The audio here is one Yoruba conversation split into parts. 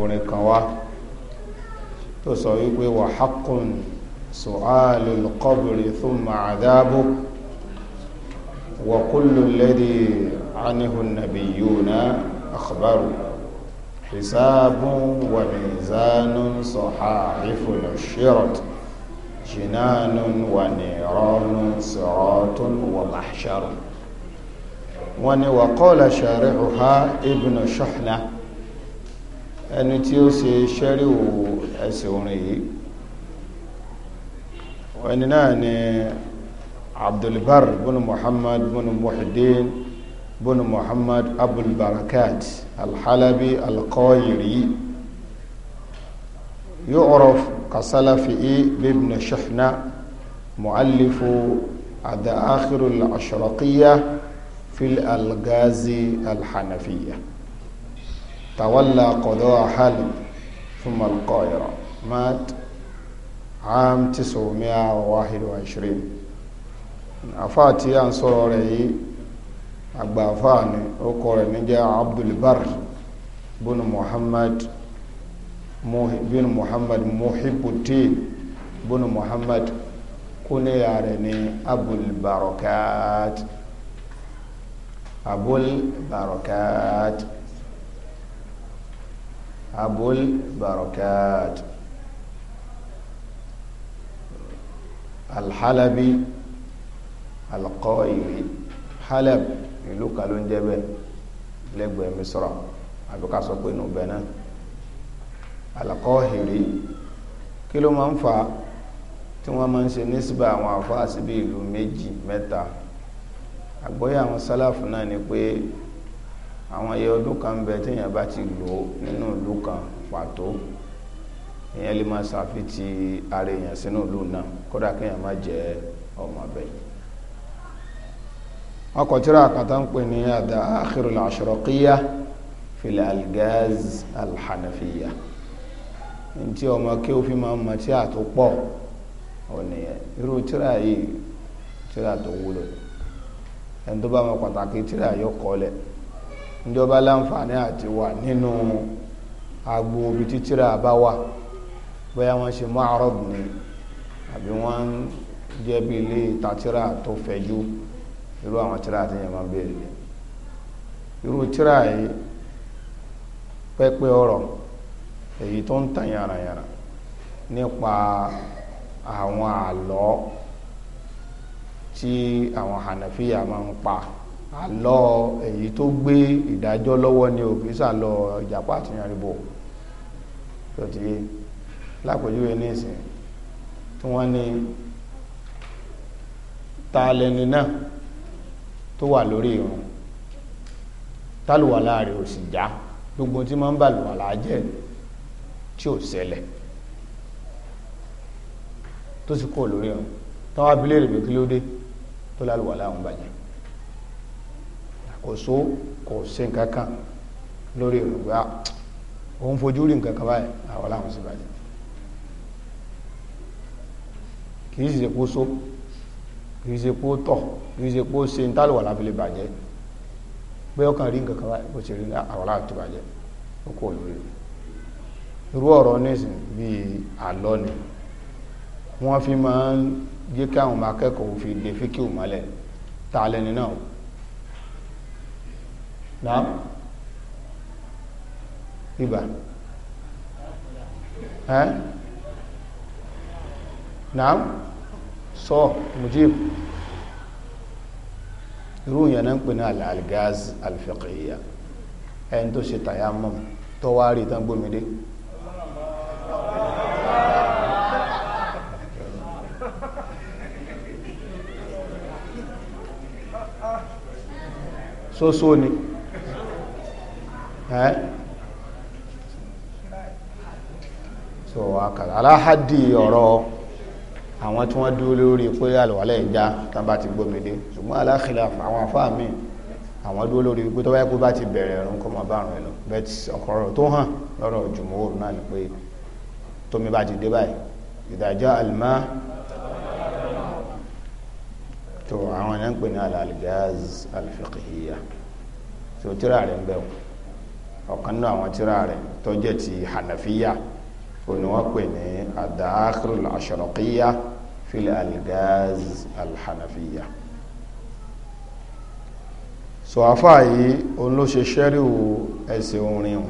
orin kan wá tó sọ wípé wà haqqun su'alul qabri thumma adhabu wa kullu alladhi anhu an-nabiyyuna akhbaru hisabun wa mizanun sahahifun ushirat jinanun wa niranun siratun wa mahsharun wani wa qala shari'uha ibnu shuhna ẹni tí ó ṣe ṣẹ́ríwò ẹsẹ̀ orin yìí ẹni náà ni abdulbar bin muhammad bin muhiddin bin muhammad abulbarakat alhalabi alkoyiri kasala alqayiri يعرف كسلفي بابن شحنة مؤلف أدآخر الأشرقية في الألغاز الحنفية تولى قضاء حلب ثم القاهرة مات عام تسعمائة وواحد وعشرين àfáàtì à ń sọ̀rọ̀ rẹ̀ yìí àgbà àfáà ni ó kọ rẹ̀ ní jẹ́ abdulbar bin muhammad bin muhammad muhibbutin bin muhammad kúnìyà rẹ̀ ní abulbarokat abulbarokat. Abul abul barakat alhalabi alqaimi halab ìlú kan ló ń jẹ́ bẹ́ẹ̀ lẹ́gbẹ̀ẹ́ misra àbí ká sọ pé inú bẹ́ẹ̀ náà alqahiri kí ló máa ń fa tí wọ́n máa ń ṣe nísìbà àwọn àfáà síbi ìlú méjì mẹ́ta àgbọ́yé àwọn sálàfù náà ni pé àwọn ẹyẹ ọdún kan bẹ téèyàn bá ti lò ó nínú ìlú kan pàtó èèyàn lè máa ṣàfitì ara èèyàn sínú ìlú náà kódà kéèyàn má jẹ ọmọ bẹ ọkọ̀ tíra àkàtà ń pè ní àdá akhirul ashraqiya fil algaz alhanafiya ntí ọmọ kí ó fi máa ń mọtí àtó pọ̀ irú tíra yìí tíra tó wúlò ẹni tó bá mọ pàtàkì tíra yóò kọ́ lẹ̀ ìjọba láǹfààní àti wà nínú agbo ibi títírà bá wà bóyá wọ́n ṣe ma'arad ni àbí wọ́n ń jẹ́ bí ilé ìtatírà tó fẹ̀jú irú àwọn tírà àti ìyẹn máa bèèrè ni irú tírà yìí pẹ́pẹ́ ọ̀rọ̀ èyí tó ń tàn yàràyàrà nípa àwọn àlọ́ tí àwọn Hanafiya máa ń pa lọ èyí tó gbé ìdájọ́ lọ́wọ́ ni òkè sàlọ ìjàpá àti ìyànrìbò tó ti yé lápòjúwe ní ìsìn tí wọ́n ní ta lẹni náà tó wà lórí irun tálùwàlá rẹ̀ ò sì já gbogbo tí máa ń bà lùwàlá tí ò ṣẹlẹ̀ tó sì kó lórí irun táwọn abilé rẹ̀ pé kí tó lálùwàlá bàjẹ́ kò só kò sí nǹkan kan lórí ìrògbà òun ah, fojú rí nǹkan kan báyìí àwọn làwọn sì bàjẹ́ kì í ṣe kó só kì í ṣe kó tọ̀ kì í ṣe kó ṣe ń tálùwà lábẹ́lẹ́ bàjẹ́ pé ọkàn rí nǹkan kan báyìí kò ṣe rí àwọn làwọn ti bàjẹ́ ó kò lórí irú ọ̀rọ̀ nísìn bíi àlọ́ ni wọ́n fi máa ń jẹ́ kí àwọn akẹ́kọ̀ọ́ fi dé fíkì òmọ́lẹ̀ tá a náà náà ibà ẹ́ náà sọ mujib irú yẹn náà ń pè ní al-algaz al-fiqhiyya ẹni tó ṣe tayammum tó wá rí tán gbómìdé sóso ni. So, so, ẹ́ eh? so akàrà aláhàdì ọ̀rọ̀ àwọn tí wọ́n dúró lórí pé àlùwálẹ̀ ìjà tán bá ti gbómi dé ṣùgbọ́n aláàkìlà àwọn àfáà míì àwọn dúró lórí pé tó bá yẹ kó bá ti bẹ̀rẹ̀ ẹ̀rùn kọ́ mọ́ bá rùn ẹ̀ lọ bẹ́ẹ̀ tó hàn lọ́rọ̀ jùmọ̀wò náà ni pé tómi bá ti dé báyìí ìdájọ́ àlùmá tó àwọn ẹ̀ ń pè ní alàlgáz alfiqhiyya tó tíra rẹ̀ ń bẹ̀wọ̀n ọ̀kan náà àwọn tíra rẹ̀ tó jẹ́ ti hanafiya òní wọ́n pè ní adaakhirul asharakiya fil algaz alhanafiya so afa yìí òun ló ṣe ṣẹ́ríwò ẹsẹ̀ orin o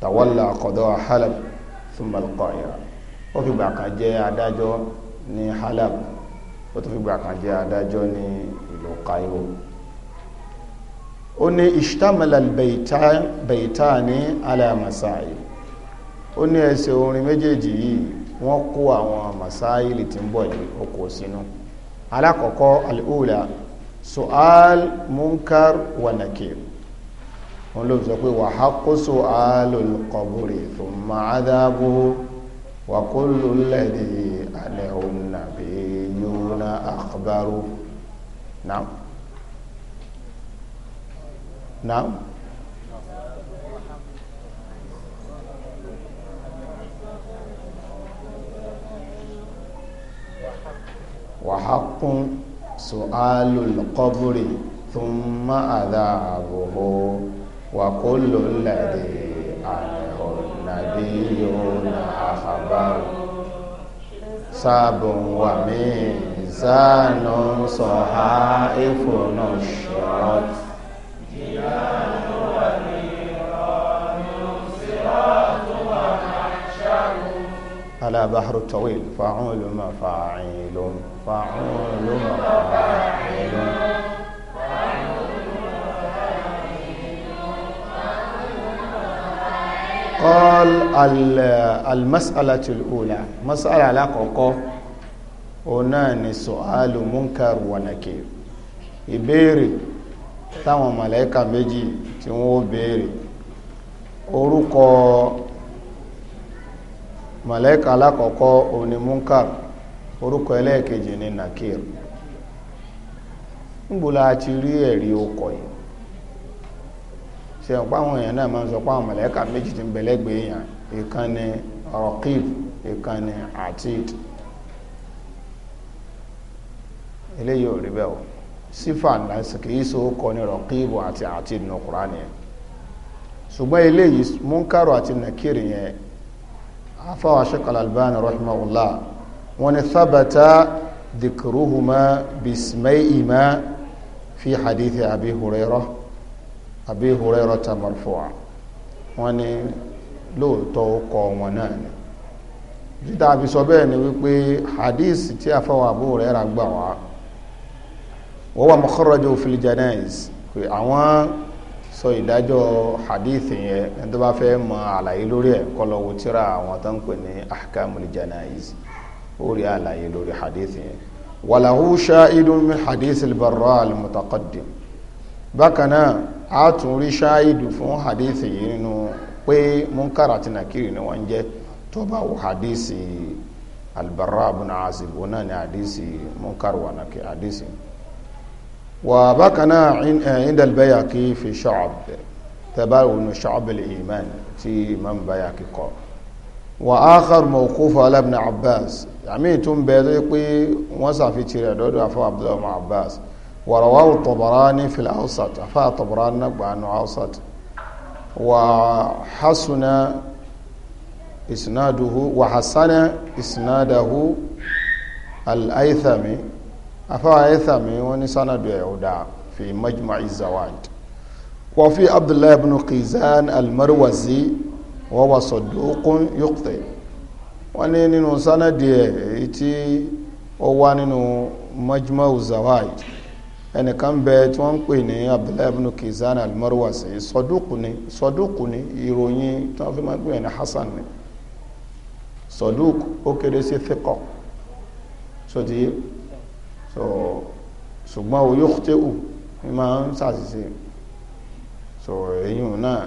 tawalla qada halab thumma alqahira ó fi gbà jẹ́ adájọ́ ní halab ó tún fi gbà jẹ́ adájọ́ ní ìlú Cairo ó ní ishtamala albaytani ala masail ó ní ẹsẹ̀ orin méjèèjì yìí wọ́n kó àwọn masail tí ń bọ̀ yìí ó kó sínú alákọ̀ọ́kọ́ al'ula su'al munkar wa nakir wọ́n ló sọ pé wa haqqu su'alul qabri thumma adhabuhu wa kullu alladhi alayhi an-nabiyyuna akhbaru na'am náà wàhákún sùálù lọ́kọ́bùrì thumma àdáàbòbò wàkúlò lẹ́dẹ̀ àlẹ́hùn nàbí yóò na àfàbárò sábùn wà mí zánà sọ̀há ìfònà ṣọ́ọ̀tì. على بحر طويل فعول مفاعيل فعول مفاعيل قال المسألة الأولى مسألة على kọ́kọ́ هنا سؤال منكر ونكير ìbéèrè táwọn mọ̀lẹ́kà méjì tí wọ́n béèrè orúkọ mọ̀lẹ́kà alákọ̀ọ́kọ́ òní munkar orúkọ ẹlẹ́ẹ̀kejì ní nakir nígbòlá ti rí ẹ̀rí okọ̀ yìí ṣe ọ̀pá èèyàn náà máa ń sọ méjì ti ń bẹ̀lẹ́gbẹ̀ èèyàn ìkan ni raqib ìkan eléyìí ò rí sífà kìí so kọ ní rọ̀kíbù àti àti nù kùránì yẹn ṣùgbọ́n eléyìí múnkàrò àti nàkírì yẹn afáwà Shaykh al-Albani rahimahullah wọn ni thabata dhikruhuma bismayhima fi hadithi abi hurairah abi hurairah ta marfu'a wọn ni lóòótọ́ kọ wọn náà ni títà àfisọ bẹ́ẹ̀ ni wípé hadith tí afáwà Abu gbà wá wa huwa mukharraju fil janaiz pé àwọn sọ ìdájọ́ hadith yẹn ẹni tó bá fẹ́ mọ àlàyé lórí ẹ̀ kó lọ wo tírà àwọn tó ń pè ní ahkamul janaiz ó rí àlàyé lórí hadith yẹn walahu shahidun min hadith al-barra bákan náà a tún rí ṣáàìdù fún hadith yìí nínú pé munkar àti nakiri ni wọ́n jẹ́ tó bá wọ hadith albarra ibn azib ni hadith munkar wa nakiri hadith yìí wà bákaná eh, indal bayaki fi sha'ab tabarun sha'ab al-iman tí imam bayaki kọ wà ákàr mawqufa ala ibn abbas àmì tún bẹ tó pé wọ́n sàfi tirẹ̀ dọ́dọ̀ afọ́ abdullahi abbas wà rawahu tabarani fil awsat afọ́ tabarani na gbàánu awsat wà hasuna isnaduhu wà hasana isnadahu al-aithami afáwọn ayéthàmì wọn ní sanadu ẹ̀ ọ̀dà fi majmu'i zawad wọ́fí abdullahi ibn qizan almarwazi wọ́n wà sọ̀dọ́kún yuqti wọ́n ní nínú sanadu ẹ̀ èyí tí ó wá nínú majmu'u zawad ẹnìkan bẹ tí wọ́n ń pè ní abdullahi ibn kizan almarwasi sọdúkù ni sọdúkù ni ìròyìn tí wọ́n fi máa ń pè ní hasan ni sọdúkù ó kéré sí fíkọ sọdí so ṣùgbọ́n o yóò tẹ́ ò ní máa ń sàṣìṣe so èyàn náà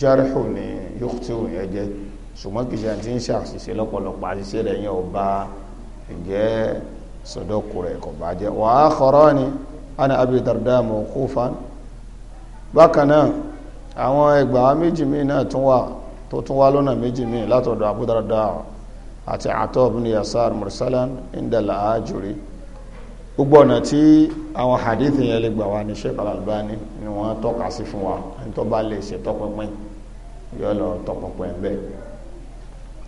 járìhù ni yóò tẹ́ ò yẹn jẹ́ ṣùgbọ́n kìí ṣe àti ń ṣàṣìṣe lọ́pọ̀lọpọ̀ àṣìṣe rẹ̀ yẹn ò bá ìjẹ́ sọ̀dọ̀kù rẹ̀ kò bá jẹ́ wa akharani ana abi darda mawqufan bákan náà àwọn ẹgbàá méjì míì náà tún wà tó tún wá lọ́nà méjì míì látọ̀dọ̀ Abu Darda àti Ata ibn Yasar mursalan indal Ajuri gbogbo ọ̀nà tí àwọn hadithi yẹn lè gbà wá ní albani ni wọ́n tọ́ka sí fún wa ẹni bá lè ṣe yóò lọ tọpinpin bẹ́ẹ̀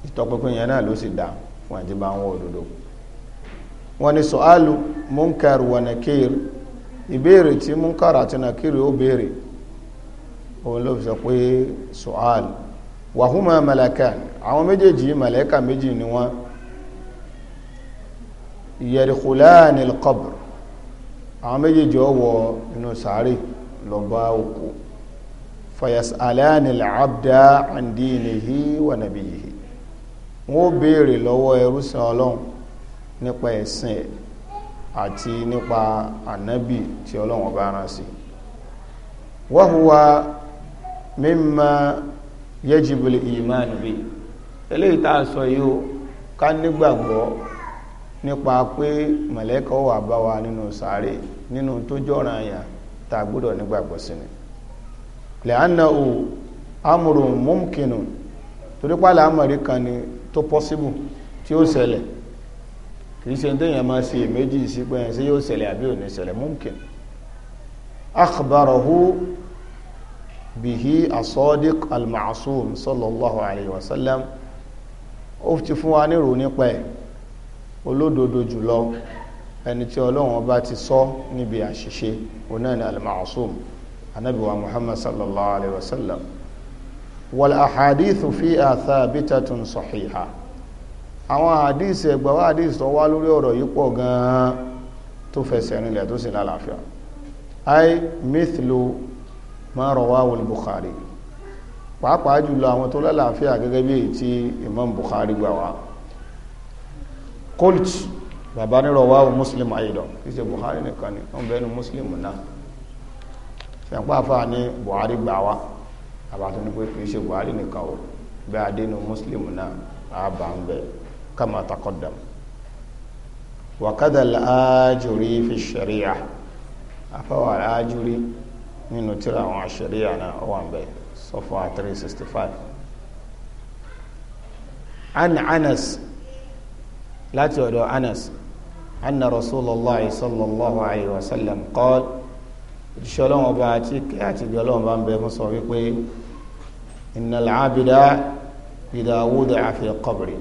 ìtọpinpin yẹn náà ló sì dá fún ẹni bá wọ́n ní munkar sọ pé àwọn méjèèjì méjì ni wọ́n yẹ̀rìkùláàní kọbùr àwọn méjèèjì ọwọ́ inú sàárè lọ bá òkú fayasaláàní làbdá àndínìhí wà nàbíyìí wọ́n béèrè lọ́wọ́ ẹrúsìn ọlọ́run nípa ẹ̀sìn ẹ̀ àti nípa ànábì tí ọlọ́run ọba rán sí wọ́húwa mímọ yẹ́jìbìlì ìmánu bí eléyìí tá a ká nígbàgbọ́ nípa pé mọ̀lẹ́kọ̀ wà bá wa nínú sàárè nínú tó jọ́ràn àyà tá a gbọ́dọ̀ nígbàgbọ́ sí ni lẹ́ánà ò amòrùn múmkinu torí pàlà àmọ̀rí kan ni tó pọ́síbù tí ó ṣẹlẹ̀ kìí ṣe téèyàn máa ṣe èméjì sí pé ẹ̀ sí yóò ṣẹlẹ̀ àbí ò ní ṣẹlẹ̀ múmkinu akhbarahu bihi asodiq almasum sallallahu alayhi wa sallam ó ti fún wa nírò nípa ẹ̀ olódodo jùlọ ẹni tí ọlọ́run ọba ti sọ níbi àṣìṣe onáni al-ma'sum muhammad sallallahu alayhi wa sallam wal ahadithu fiha thabitatun sahiha àwọn àdìsí ẹgbà wá àdìsí tó wá lórí ọ̀rọ̀ yìí pọ̀ gan-an tó fẹsẹ̀ rinlẹ̀ tó sì lálàáfíà ay mithlu ma rawahu bukhari pàápàá jùlọ àwọn tó lálàáfíà gẹ́gẹ́ bí èyí imam bukhari gbà wá colt bàbá ní rọwá o muslim ayidọ̀ kìí ṣe buhari nìkan ni wọ́n bẹ́ẹ̀ ni muslim náà ṣẹ̀pá àfà ní buhari gbà wá bàbá tó ní pé kìí ṣe buhari nìkan o bẹ́ẹ̀ adé ni muslim náà àbá ń bẹ̀ kama taqaddam wàkádà láàjúrí fi ṣẹ̀ríà àfáwà láàjúrí nínú tíra àwọn ṣẹ̀ríà náà ó wà ń bẹ̀ sọ́fà 365 an anas láti ọ̀dọ̀ anas anna rasulallah sallallahu alayhi wa sallam qal ìṣọlọ́wọ́n ọba àti kí àti ìjọlọ́wọ́n ọba ń bẹ fún sọ wípé innal abida idha wudi'a fi qabri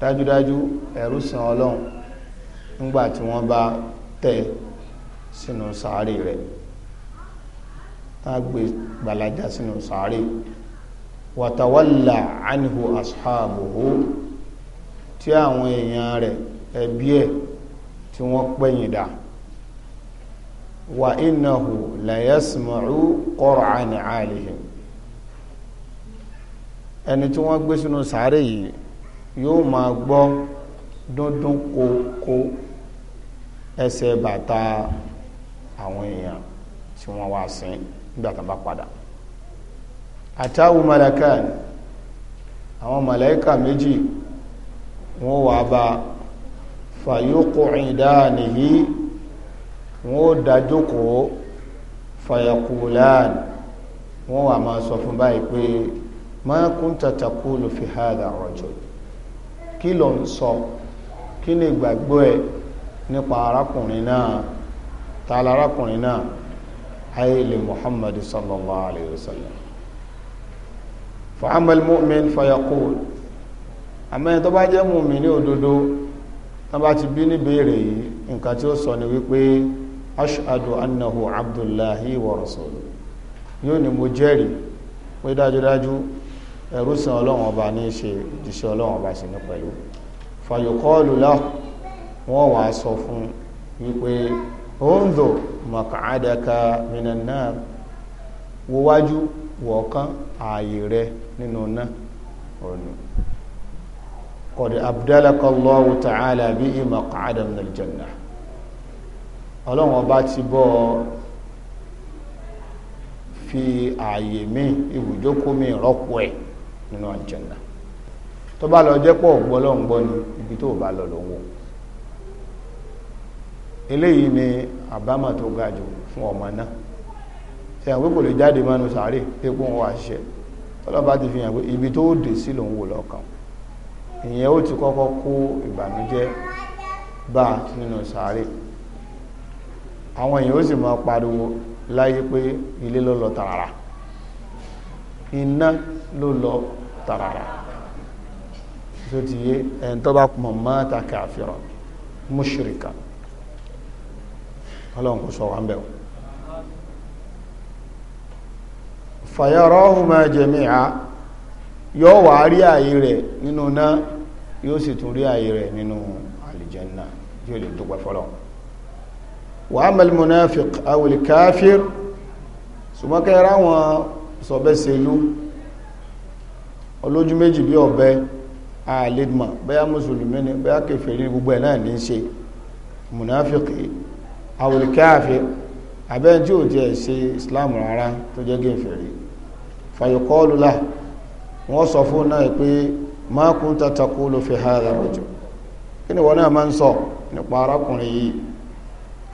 dájúdájú ẹ̀rú sàn ọlọ́run nígbà tí wọ́n bá tẹ̀ sínú sàárè rẹ̀ tá a sínú sàárè wa tawalla anhu tí àwọn èèyàn rẹ̀ ẹbí ẹ̀ tí wọ́n pẹ̀yìn dà wà innahu la yasma'u qur'an alihim ẹni tí wọ́n gbé sínú sàárè yìí yóò ma gbọ́ dúndún kókó ẹsẹ̀ bàtà àwọn èèyàn tí wọ́n wá sin nígbà tán bá padà àtàwọn malakan àwọn màláíkà méjì wọ́n wà bá fàyókò ìdáàníhí wọ́n dájókò fàyàkùlán wọ́n wà máa sọ fún báyìí pé ma kunta taqulu fi hadha rajul kí ló ń sọ kí ni ìgbàgbọ́ ẹ nípa arákùnrin náà tààlà arákùnrin náà ayélu muhammadu sallallahu alayhi wa sallam fa'amal mu'min fayaqul àmẹ́yìn tó bá jẹ́ mùmí ní òdodo tán bá ti bí ní béèrè yìí nǹkan tí ó sọ ni wípé ashadu annahu abdullahi wa rasulu yóò ní mo jẹ́rìí pé dájúdájú ẹrú sàn ọlọ́run ọba ní ṣe ìdíṣẹ́ ọlọ́run ọba sí ní pẹ̀lú fàyọkọ́ọ̀lù lá wọ́n wà sọ fún wípé oúnjẹ mọ̀kàádẹ́ka minan wo wájú wọ̀ọ̀kan ààyè rẹ nínú náà ọ̀nà قد أبدلك الله تعالى به مقعدا من الجنة ọlọ́run ọba ti في ọ fi ààyè من الجنة. mi rọ́pò ẹ̀ nínú àjẹ́nà tó bá lọ jẹ́ pọ̀ gbọ́ lọ́n gbọ́ ni ibi tó bá lọ lọ́wọ́ eléyìí ni àbámọ̀ tó ga jù fún ọmọ náà ṣe àwọn kò lè jáde mọ́nu sàárè pé kó wọn wá ṣiṣẹ́ tọ́lọ́ ti fi hàn pé ibi tó dé sí lòun wò lọ́kàn ìyẹn ó ti kọ́kọ́ kó ìbànújẹ́ bá nínú sàárè àwọn èèyàn ó sì máa pariwo láyé pé ilé ló lọ tààrà iná ló lọ tààrà tó ti yé ẹni tó bá pọ̀ mọ́ ta kàfírà mushrika ọlọ́run kò sọ wá ń bẹ̀ fayarahuma jami'a yóò wà rí ààyè rẹ̀ nínú náà yóò sì tún rí ààyè rẹ̀ nínú àlìjẹ́nà yóò lè dúpẹ́ fọ́lọ́ wa amal munafiq awil kafir ṣùgbọ́nkẹ́ ráwọn sọ̀bẹ́sẹ̀lú olójú méjì bí ọ̀bẹ àlèdìmọ̀ bẹ́yà mùsùlùmí ni bẹ́yà gbogbo ẹ̀ náà ní ṣe munafiq awil kafir abẹ́ tí ò jẹ́ ṣe islam rárá tó jẹ́ wọ́n sọ fún náà pé ma kunta taqulu fi hadha rajul kí ni wọ́n náà máa ń sọ nípa arákùnrin yìí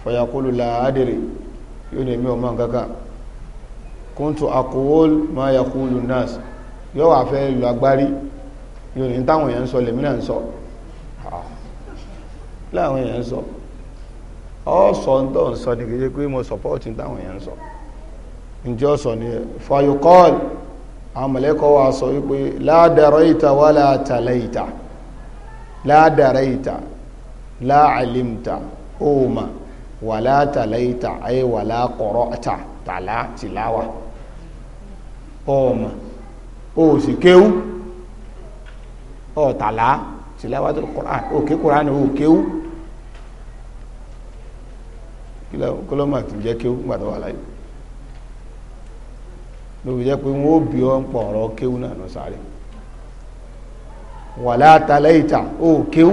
fa yaqulu la adri yóò ní mi ò mọ̀ kankan kuntu aqul ma yaqulu nas yóò wà fẹ́ lu agbárí yóò ní táwọn èèyàn ń sọ lèmi náà ń sọ ah. láwọn èèyàn ń sọ ọ sọ ń tọ́ ń sọ ní kéde pé mo sọpọ́ọ̀tì táwọn èèyàn sọ ǹjẹ́ sọ ní fayokọ́ọ̀lù àwọn mọ̀lẹ́kọ̀ wa sọ wípé ládàrọ̀ ìta wà látàlẹ̀ ìta ládàrọ̀ ìta láàlìmta òòmà wà látàlẹ̀ ìta ayé wà lákọ̀rọ̀ ta tàlá tìláwà òòmà ó sì kéwú ọ̀tàlá tìláwà tó kọ̀rán òkè kọ̀rán ò kéwú kí lọ́mọ̀ tó jẹ́ kéwú gbàdọ̀ wà lóbi jẹ́ pé wọ́n ó bí ọ ń pọ̀ ọ̀rọ̀ kéwú náà lọ sáré wà látàlẹ́ ìta ó kéwú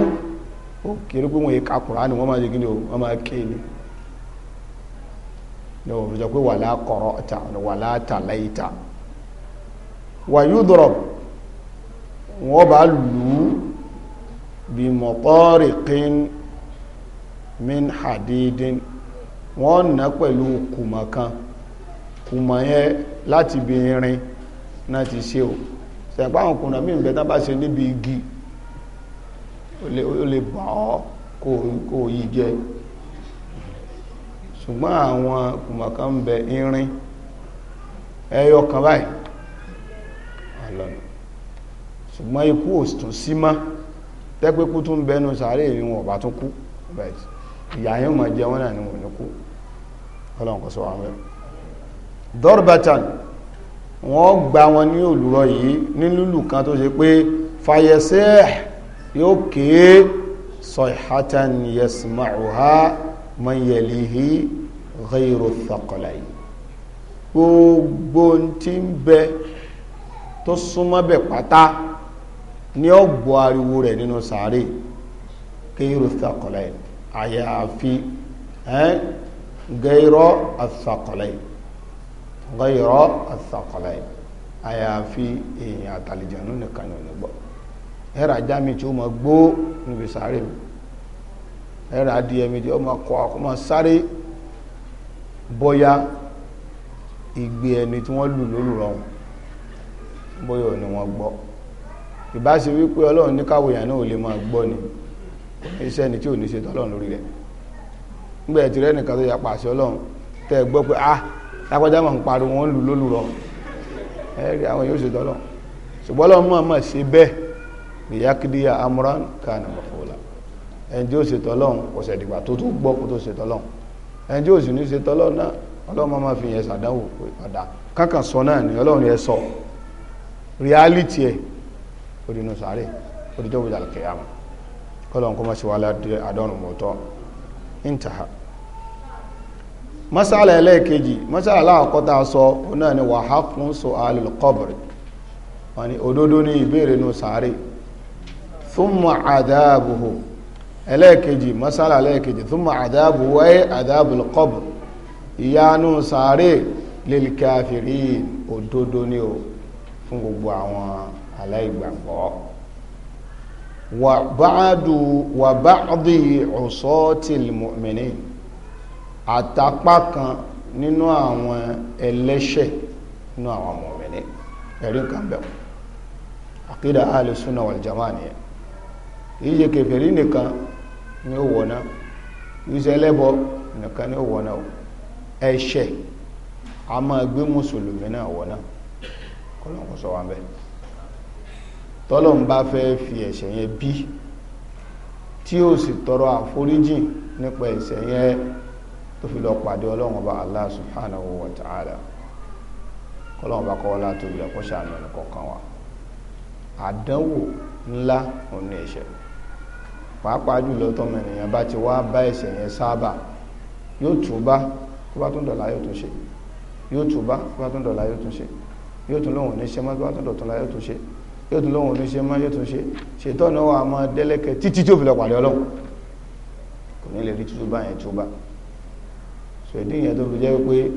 ó kéré pé wọ́n yé ka Kùránì wọ́n máa jẹ́ gíní o wọ́n máa ké ní ní jẹ́ pé wà lákọ̀rọ̀ ìta wà látàlẹ́ ìta wà yóò dọ̀rọ̀ wọ́n bá lù ú bí mọ̀tọ́rìkín min hadidin wọ́n nà pẹ̀lú kùmọ̀ kan kùmọ̀ yẹn láti ibi irin náà ti ṣe o sẹ̀pá àwọn ọkùnrin mí ìbẹ̀ tán bá ṣe níbi igi ó lè bọ́ kò yí jẹ ṣùgbọ́n àwọn kùmọ̀kan ń bẹ irin ẹyọ kan báyìí ọlọ́nà ṣùgbọ́n ikú ò tún sí mọ́ tẹ́pẹ́kú tún bẹnu sàárè ìrìnwọ̀n ọ̀bá tún kú ìyà yóò máa jẹ wọ́n náà ni wọ́n ní kú ọlọ́nkọ̀ sọ àwọn ẹ̀rọ dọ́rbatan wọ́n gba wọn ní òlùrọ̀ yìí ní lúlù kan tó ṣe pé fayẹsẹ́ yóò kéé sọ̀hátàn yasma'uha man yalihi ghayru thaqalayn gbogbo tí ń bẹ tó súnmọ́ bẹ̀ pátá ní ọgbọ̀ ariwo rẹ̀ nínú sàárè ghayru thaqalayn àyàfi ẹ́ ghayru thaqalayn ghayra athaqalayn àyàfi èèyàn àtàlìjẹ̀nú nìkan ní onígbọ́ ẹ̀rà ajá mi tí ó mọ gbó níbi sáré mi ẹ̀rà adìyẹ mi tí ó mọ kọ àkó mọ sáré bóyá ìgbé ẹni tí wọ́n lù lólùrọ̀ wọn bóyá ò ní wọ́n gbọ́ ìbá wípé ọlọ́run ní káwọ̀ èèyàn ò lè máa gbọ́ ni iṣẹ́ ni tí ò ní ṣe tọ́lọ́run lórí rẹ̀ nígbà tí nìkan tó yapa àṣẹ ọlọ́run tẹ́ gbọ́ pé ah lákọjá mọ̀ ń pariwo wọn lù lólùrọ̀ ẹ̀rí àwọn yóò ṣe dọ́lọ̀ ṣùgbọ́n lọ́wọ́ mọ̀ mọ̀ ṣe bẹ́ẹ̀ ìyákidíyà amúrán kàánà mọ̀fọ́lá ẹni tí ó ṣe tọ́lọ́hún kò ṣẹ̀dìgbà tó tó gbọ́ kó tó ṣe tọ́lọ́hún ẹni tí ó sì ní ṣe tọ́lọ́hún náà ọlọ́run máa fi reality ẹ̀ odinu sáré odijọ́ bùdàlùkẹ́yàmù kọ́lọ́n kó má ṣe wà ládùúgbò àdọ́rùn masala ẹlẹ́ẹ̀kejì masala àkọ́ta sọ náà ni wàhákún sọ alìlkọ́bìrì wọ́n ni òdodo ní ìbéèrè nù sáré thumma àdáàbùhù ẹlẹ́ẹ̀kejì masala ẹlẹ́ẹ̀kejì thumma àdáàbùhù ẹ́ àdáàbùlkọ́bìrì ìyanu sáré lilkafiri òdodo ní o fún gbogbo àwọn aláìgbàgbọ́ wà báàdù wà báàdù ọ̀sọ́ tìlmọ̀mìnì àtàpá kan nínú àwọn ẹlẹ́ṣẹ̀ nínú àwọn mùmínì ẹ̀rí nǹkan bẹ̀rẹ̀ àkídà ahlu sunna wal jamaa nìyẹn ìyẹ kèfèrí nìkan ni ó wọ̀ná ìṣẹ́ nìkan ni ó wọ̀ná ẹ̀ṣẹ̀ a máa gbé mùsùlùmí náà wọ̀ná kọlọ́nkọ́ sọ tọ́lọ̀ ń fi ẹ̀ṣẹ̀ yẹn bí tí ó sì tọrọ àforíjìn nípa ẹ̀ṣẹ̀ yẹn tó fi lọ pàdé ọlọ́run ọba allah subhanahu wa ta'ala ọlọ́run ọba kọ́wọ́lá tó bí lọ́kọ́ ṣàánú ẹni kọ̀ọ̀kan wa àdánwò ńlá òun ní ẹ̀ṣẹ̀ pàápàá jùlọ tọmọ ènìyàn bá ti wá bá ẹ̀ṣẹ̀ yẹn sábà yóò túbá tó bá tún dọ̀la yóò tún ṣe yóò túbá tó bá tún dọ̀la yóò tún ṣe yóò tún lóhùn ní ṣe mọ́ tó bá tún dọ̀tún la yóò tún ṣe yóò tún lóhùn ní mọ́ yóò tún ṣe ṣètọ́ náà wà á mọ dẹ́lẹ́kẹ̀ títí fi lọ pàdé ọlọ́run kò ní lè rí túbá yẹn túbá so ìdí ìyẹn tó fi jẹ́ pé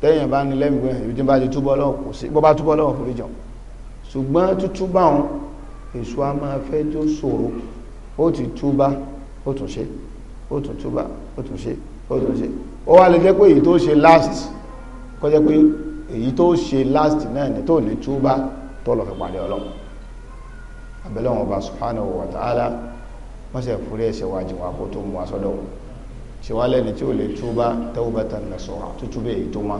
tẹ́yìn bá ní lẹ́mìí pé ibi tí bá ti túbọ̀ lọ́wọ́ kò sí bọ́ bá túbọ̀ lọ́wọ́ forí jọ ṣùgbọ́n tútú bá wọn èso a máa fẹ́ tó ṣòro ó ti túbá ó tún ṣe ó tún túbá ó tún ṣe ó tún ṣe ó wá lè jẹ́ pé èyí tó ṣe last kó jẹ́ pé èyí tó ṣe last náà ní tó ní túbá tó lọ fi pàdé ọlọ́run abẹ́lẹ́ wọn ọba subhanahu wa ta'ala wọ́n sì fúrí ẹ̀ṣẹ̀ wájú wa kó tó mú wa wọn ṣèwálẹ̀ ni tí ò lè túbá tawbatan nasuha tútú bẹ́ẹ̀ tó má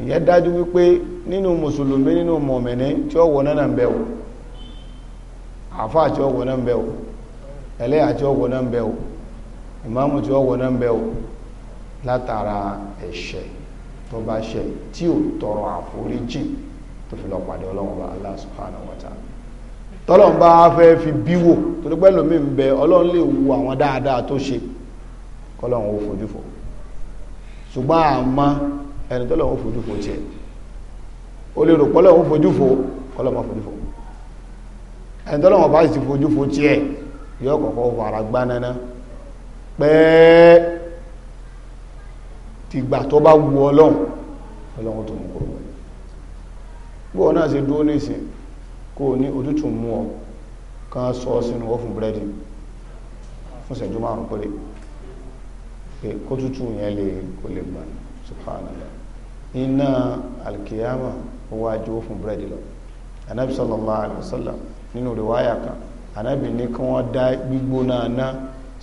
ìyẹn dájú wípé nínú mùsùlùmí nínú mọ̀mẹ́ni tí ó wọ náà ń bẹ̀ o àfá tí ó wọ náà ń bẹ̀ o ẹlẹ́yà tí ó wọ náà ń bẹ̀ o ìmáàmù tí ó wọ náà ń bẹ̀ látara ẹ̀ṣẹ̀ tó bá ṣẹ̀ tí ò tọrọ àforíjì tó fi lọ ọlọ́run bá Allah subhanahu wa ta'ala tọ́lọ́run bá fẹ́ fi bíwò torípẹ́ lómi ń kọ́lọ́run ó fojú fò ṣùgbọ́n àmọ́ ẹni tọ́lọ́run ó fojú fò tiẹ̀ ó lè rò kọ́lọ́run ó fojú fò kọ́lọ́run ó fojú fò ẹni tọ́lọ́run bá sì fojú fò tiẹ̀ yóò kọ́kọ́ fara gbanáná pẹ́ẹ́ tìgbà tó bá wu ọlọ́run ọlọ́run tó mú kúrò wọlé bí wọn náà ṣe dúró nísìn o ní òtútù mú ọ kán sọ sínú ọfún búrẹ́dì fún ìṣẹ́jú márùn-ún péré pé kó tútù yẹn lè kó lè gbà subhanallah iná alkiyama ó wá jó fún búrẹ́dì lọ anabi sallallahu alayhi wa sallam nínú riwaya kan anabi ní kí wọ́n dá gbígbóná ná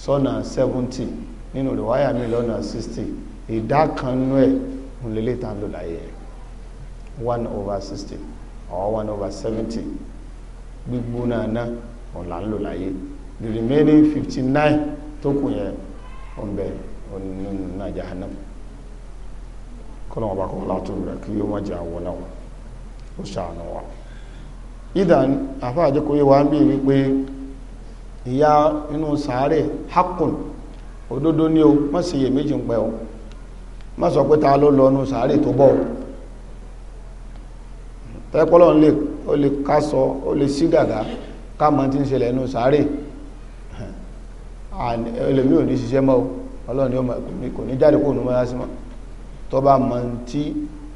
sọ́nà seventy nínú riwaya mi lọ́nà sixty ìdá kan nú ẹ̀ ń lélẹ̀ tá a láyé ẹ̀ one over sixty or one over seventy gbígbóná ná ọ̀là ń lò láyé the remaining fifty nine tó kù yẹn ọ̀nbẹ́ni onínú náà jahannam kọ́nà ọba kọ́ látò rẹ̀ kí ó má jẹ́ àwọ̀ náà ó ṣàánú wa ìdàn àfáàjẹ́kọ̀ọ́yẹ́ wa ń bí wípé ìyá inú sàárè hakùn òdodo ní o má sì yè méjì ń pẹ́ o má sọ pé ta ló lọ inú sàárè tó bọ̀ tẹ́pọ́lọ́ lè ó lè kásọ ó lè sí gàgá ká mọ́ tí ń ṣẹlẹ̀ inú sàárè ẹlòmí ò ní ṣiṣẹ́ mọ́ o ọlọ́run ni ó ma kò ní jáde kó nu mọ́lásí mọ́ tó bá mọ tí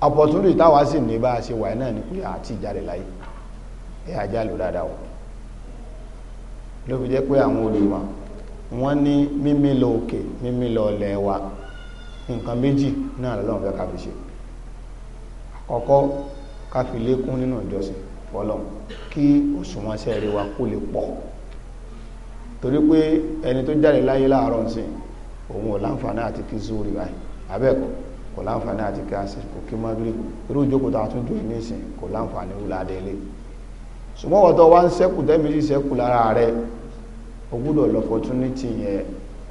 opportunity táwa sì ní bá ṣe wà náà ni pé àti ìjáde láyé ẹ ajá lò dáadáa o ló fi jẹ́ pé àwọn olùwà wọ́n ní mímí lọ òkè mímí lọ ọlẹ̀ wa nǹkan méjì náà lọ́lọ́run fẹ́ ká fi ṣe àkọ́kọ́ ká fi lékún nínú ìjọsìn fọlọ́n kí òṣùwọ̀n sẹ́ẹ̀rẹ̀ wa kó lè pọ̀ torí pé ẹni tó jáde láyé láàárọ̀ nsìn òun ò láǹfààní àti kí zuri báyìí abẹ́ẹ̀kọ́ kò láǹfààní àti kí àsìkò kí mọ́gírì irú ìjókòó tá a tún dùn nísìn kò láǹfààní wúládé ilé ṣùgbọ́n wọ́n tó wá ń sẹ́kù tẹ́mi sí sẹ́kù lára rẹ o gbúdọ̀ lọ́pọ̀túnítì yẹn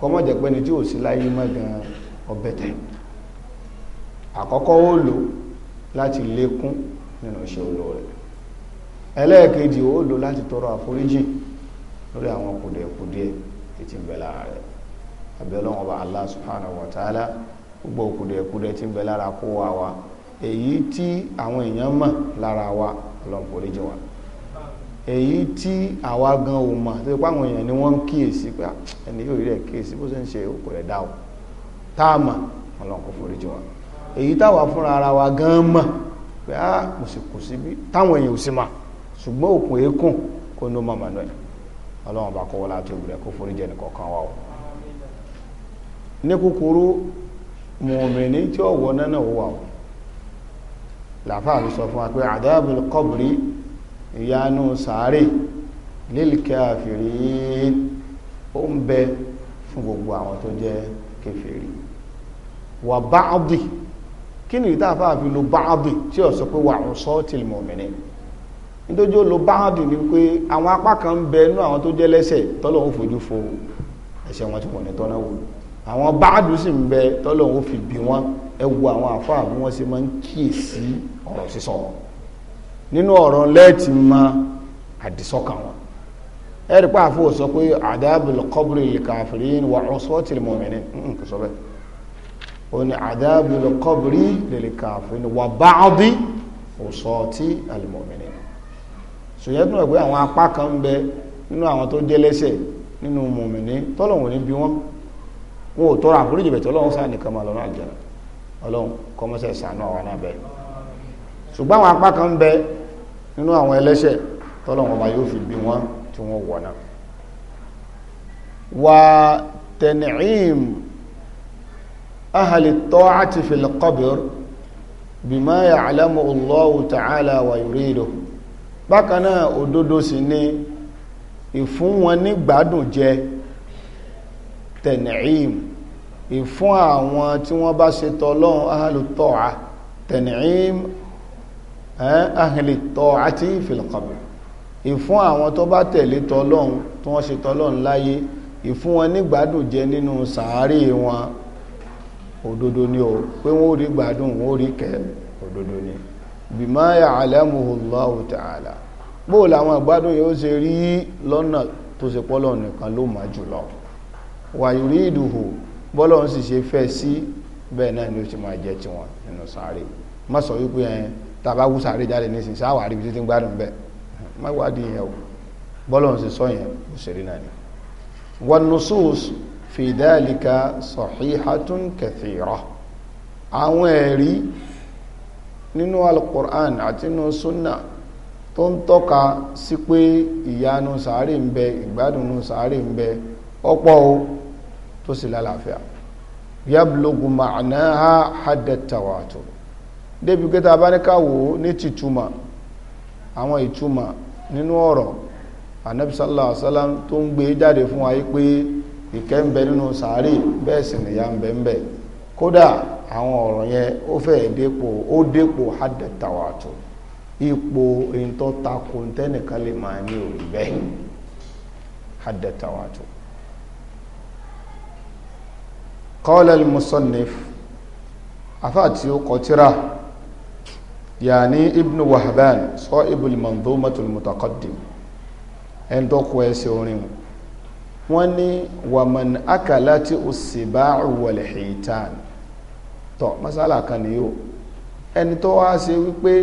kọ́mọ̀jẹ̀ pé ni tí ò sí láyé mọ́ gan ọbẹ̀ tẹ̀ àkọ́kọ́ ó lò láti lékún nínú iṣẹ́ olóore ẹlẹ́ẹ̀kejì ó lò láti tọrọ àforíjì lórí àwọn kùdìẹ̀kùdìẹ̀ tí ti ń bẹ lára rẹ̀ àbẹ̀lọ́wọ́n ọba Allah subhanahu wa ta'ala gbogbo òkùdẹ̀kùdẹ̀ tí ń bẹ lára kó wa wa èyí tí àwọn èèyàn mọ̀ lára wa ọlọ́pọ̀lẹ́ jẹ wa èyí tí àwa gan ò mọ̀ tó pé èèyàn ni wọ́n ń kíyèsí pé ah, ẹni yóò rí rẹ̀ kíyèsí bó ṣe ń ṣe òkú rẹ̀ dá tá a mọ̀ ọlọ́pọ̀ forí jẹ wa èyí táwa fúnra ara wa gan mọ̀ pé á ah, kò sì kò síbi táwọn èèyàn ò sì mọ̀ ṣùgbọ́n òkun eékùn kó ní ó mọ̀ mọ̀ náà ọlọ́wọ́n bá kọ́ wọ́n láti kó forí jẹ nìkọ̀ọ̀kan wa o ní kúkúrú mùmìnì tí ó wọ náà wà ó làfáà ló sọ fún wa pé àdábùl kọbùrí ìyanu sàárè lílkàfìrí ó ń bẹ fún gbogbo àwọn tó jẹ́ kèfèrí wà báàdì kí ni ìta àfáà fi lo báàdì tí ó sọ pé wà ń sọ tìlì mùmìnì nítorí lo báàdì ni pé àwọn apá kan ń bẹ nú àwọn tó jẹ́ lẹ́sẹ̀ tọ́lọ́hun fojú fo ẹ̀ṣẹ̀ wọn tí wọ́n ní tọ́náwó àwọn báàdù sì ń bẹ tọ́lọ́hún fi bí wọn ẹ wo àwọn àfáà bí wọ́n ṣe máa ń kíyèsí ọ̀rọ̀ sísọ wọn nínú ọ̀rọ̀ lẹ́ẹ̀tì ma àdìsọ́kàn wọn ẹ̀rí pa àfọwọ́ sọ pé àdábìlì kọ́bùrì lìkàfìrín wà ọ̀sọ́tì mọ̀mìnì kò sọ bẹ́ẹ̀ ó ní àdábìlì kọ́bùrì lìkàfìrín wà báàdì ọ̀sọ́tì àlìmọ̀mìnì ṣòyẹ́ tún ẹ̀gbẹ́ àwọn apá kan ń bẹ nínú àwọn tó jẹ́ lẹ́sẹ̀ nínú mọ̀mìnì tọ́lọ̀wọ̀n ní bí wọ́n wọn ò tọrọ àforíjì bẹ̀tẹ̀ ọlọ́run sáà nìkan máa lọ́nà àjẹrà ọlọ́run kọ́mọ́sẹ̀ sànú àwọn náà bẹ́ẹ̀ ṣùgbọ́n àwọn apá kan bẹ nínú àwọn ẹlẹ́ṣẹ̀ tọ́lọ́run ọba yóò fi bí wọ́n tí wọ́n wọ̀ náà wà tẹ̀nìím ahàlì tọ́ àti fìlẹ̀kọ́bìr bima ya'lamu Allahu ta'ala wa yuridu bákan náà òdodo sì ni ìfún wọn ní gbádùn jẹ tẹ̀nìím ìfún àwọn tí wọ́n bá ṣe tọ́lọ́run ahlu ta'a tan'im ahli ta'ati fil qabr ìfún àwọn tó bá tẹ̀lé tọ́lọ́run tí wọ́n ṣe tọ́lọ́run láyé ìfún wọn ní gbádùn jẹ nínú sàárè wọn òdodo ni o pé wọ́n rí gbádùn wọ́n rí kẹ́ òdodo ni bima ya'lamuhu Allahu ta'ala bó làwọn ìgbádùn yóò ṣe rí lọ́nà tó ṣe pọ́lọ̀ nìkan ló mọ̀ jùlọ wa yuriduhu bọ́lọ̀ ń sì ṣe fẹ́ sí bẹ́ẹ̀ náà ni ó ti máa jẹ́ tiwọn nínú sáré má sọ wípé ẹ̀ tàbá wú sáré jáde ní ìsìn sáwà àríbi títí gbádùn bẹ́ẹ̀ má wádìí yẹn o bọ́lọ̀ ń sì sọ yẹn òṣèré náà ni. wan nusus fi dhalika sahihatun kathira àwọn ẹ̀rí nínú alukur'an àti nínú sunna tó ń tọ́ka sí pé ìyanu sáré ń bẹ ìgbádùn sáré ń bẹ ọ̀pọ̀ o tó sì lálàáfíà yablogun ma'ana ha haddatawato débi pé ta bá ní káwò ní tìtúmà àwọn ìtúmà nínú ọ̀rọ̀ anabi sallallahu alaihi wasallam tó ń gbé jáde fún wa pé ìkẹ́ ń bẹ nínú sàárè bẹ́ẹ̀ sì nìyà ń bẹ ń bẹ kódà àwọn ọ̀rọ̀ yẹn ó fẹ́ dépò ó dépò haddatawato ipò ìntọ́ta tẹ́nìkan lè máa ní òrí haddatawato qala al-musannif afá tí ó kọtíra yàní ibn wahban sahibu al-manzumati al-mutaqaddim ẹn tó kọ ẹsẹ orin wọ́n ní wàmàn akalati as-siba'u wal-hitan tọ́ masala kan ni yóò ẹni tó wá ṣe wípé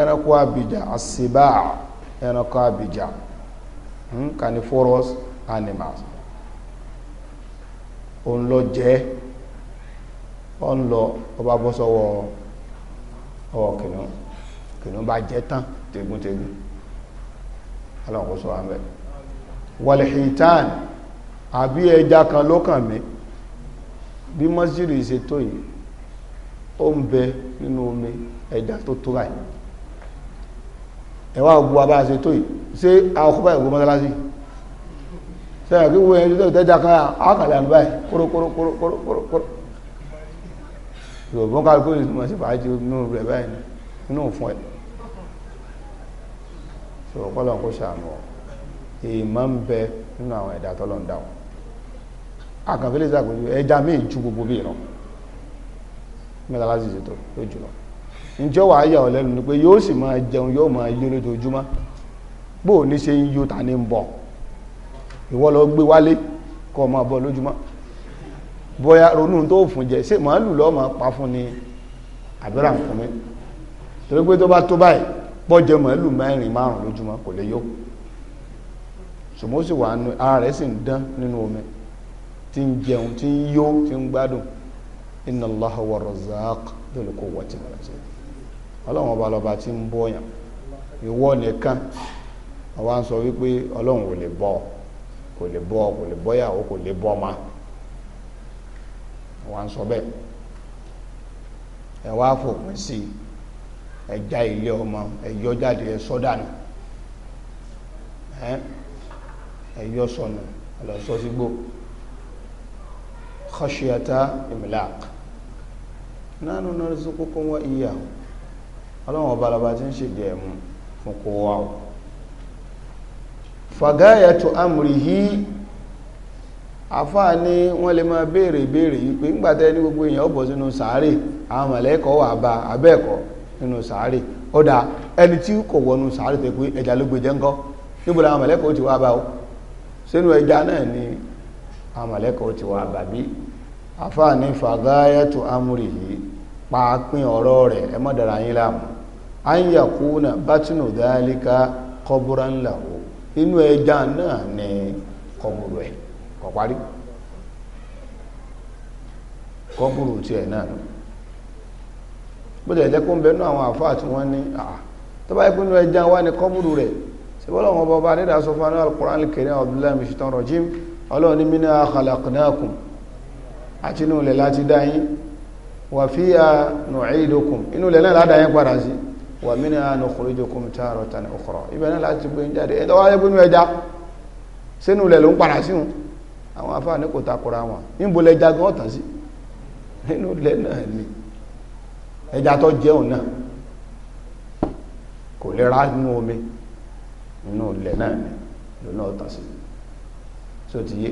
ẹranko abìjà as-siba'u ẹranko abìjà hmm, carnivorous animals òun lọ jẹ́ ọ ń lọ ọba bọ́ sọ́wọ́ ọwọ́ kìnnìún kìnnìún bá jẹ́ tán tegúntegún aláwọ̀ sọ wà mẹ́ wàlìhìtàn àbí ẹja kan ló kàn mí bí mọ́sílì ṣe tó yìí ó ń bẹ nínú omi ẹja tó tó báyìí ẹwà ògbó abáṣe tó yìí ṣé àwọn ọkọ̀ báyìí ògbó mọ́sálásí sẹ́yìn kí wọ́n ẹni tó tẹ́jà kan àkàlẹ̀ àmì báyìí kórókórókórókóró ìrògbọ́n kálukú ní mọ̀ sí fàájì inú rẹ̀ báyìí inú fún ẹ̀ so kọ́lọ̀ kó ṣàánú èèmọ̀ ń bẹ nínú àwọn ẹ̀dá tọ́lọ̀ ń dà wọ́n àkànfẹ́lẹ́ ìsàkójú ẹja míì ju gbogbo bí ìran mẹ́ta láti ṣètò yóò jùlọ ǹjẹ́ wàá yà ọ́ lẹ́nu ni pé yóò sì máa jẹun yóò máa yó lójoojúmọ́ bóò ní ṣe ń yó ta ní ń bọ̀ ìwọ lọ gbé wálé kọ́ ọmọ bọ́ lójúmọ́ bóyá ronú tó fún jẹ ṣé màálù lọ́ọ́ máa pa fún ni àbẹ́rà ń fún mi torí pé tó bá tó báyìí pọ́jẹ màálù mẹ́rin márùn lójúmọ́ kò lè yó ṣùgbọ́n ó sì wà nù ara rẹ̀ sì ń dán nínú omi tí ń jẹun tí ń yó tí ń gbádùn inna Allaha wa razzaq dhul quwwatil matin ọlọ́run ọba lọba tí ń bọ́yàn ìwọ nìkan àwa ń sọ wípé ọlọ́run ò lè bọ́ ọ kò lè bọ́ kò lè bọ́yàwó kò lè bọ́ ọmọ wọn ń sọ bẹ́ẹ̀ ẹ wá fòpin sí ẹ já ilé ọmọ ẹ yọ jáde ẹ sọ dànù ẹ sọnù ẹ lọ sọ sígbó khashiyata imlaq nanu narzuqukum wa iyyahum ọlọ́run ọba alaba ti ń ṣèjẹ́ ẹ̀mú fún kó wa o. fagayatu amrihi àfáà ní wọ́n lè máa béèrè béèrè yìí pé ńgbàtẹ́ ní gbogbo èèyàn ọ̀bọ̀ sínú sàárè àwọn mọ̀lẹ́kọ̀ wà bá abẹ́ẹ̀kọ́ nínú sàárè ọ̀dà ẹni tí kò wọnú sàárè tẹ́ pé ẹja ló gbé jẹ́ńkọ́ níbo làwọn mọ̀lẹ́kọ̀ ti wá bá o sínú ẹja náà ni àwọn mọ̀lẹ́kọ̀ ti wá bá inú ẹja náà ni kọbùrù ẹ̀ kọ̀ parí kọbùrù tí ẹ̀ náà nù bó tẹ̀ jẹ́ kó ń bẹnú àwọn àfáà tí wọ́n ní àà tó bá ìpinnu ẹja wá ní kọbùrù rẹ̀ ṣe bọ́lá wọn bọba nídà sọ fún al-Qur'an abdullahi mishitan rajim ọlọ́run ní minha àti inú ilẹ̀ láti dá yín wa fiha nu'idukum inú ilẹ̀ náà ládàá yín padà sí wà mí ni àánú kòrójókòó mi tààrọ̀ tani òkòrò ibẹ̀ náà láti wa yẹ gbónú ẹja sínú ilẹ̀ ló ń padà sí wọn àwọn afáà ní kò takora wọn níbo lẹja gan ọ̀tàn sí nínú ilẹ̀ náà ni ẹja tó jẹun náà kò lè rà nínú omi nínú ilẹ̀ náà ni lónà ọ̀tàn sí so ti yé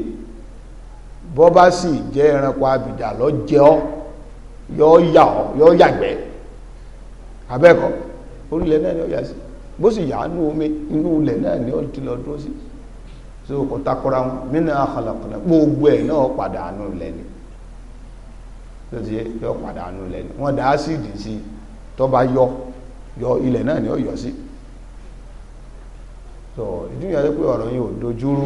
bọ́ bá sì jẹ́ ẹranko abìjà lọ jẹ ọ́ yọ yà ọ́ yọ yàgbẹ́ abẹ́kọ̀ọ́ orílẹ̀ náà ni ó yà sí bó sì yà nú omi inú ilẹ̀ náà ni ó ti lọ dúró sí so kò takora wọn mínà àkàlàkàlà gbogbo ẹ̀ náà padà nú ilẹ̀ ni tó ti yọ padà nú ilẹ̀ ni wọ́n dá ásìdì sí tó bá yọ yọ ilẹ̀ náà ni ó yọ sí so ìdúnyà tó pé ọ̀rọ̀ yìí ò dojúrú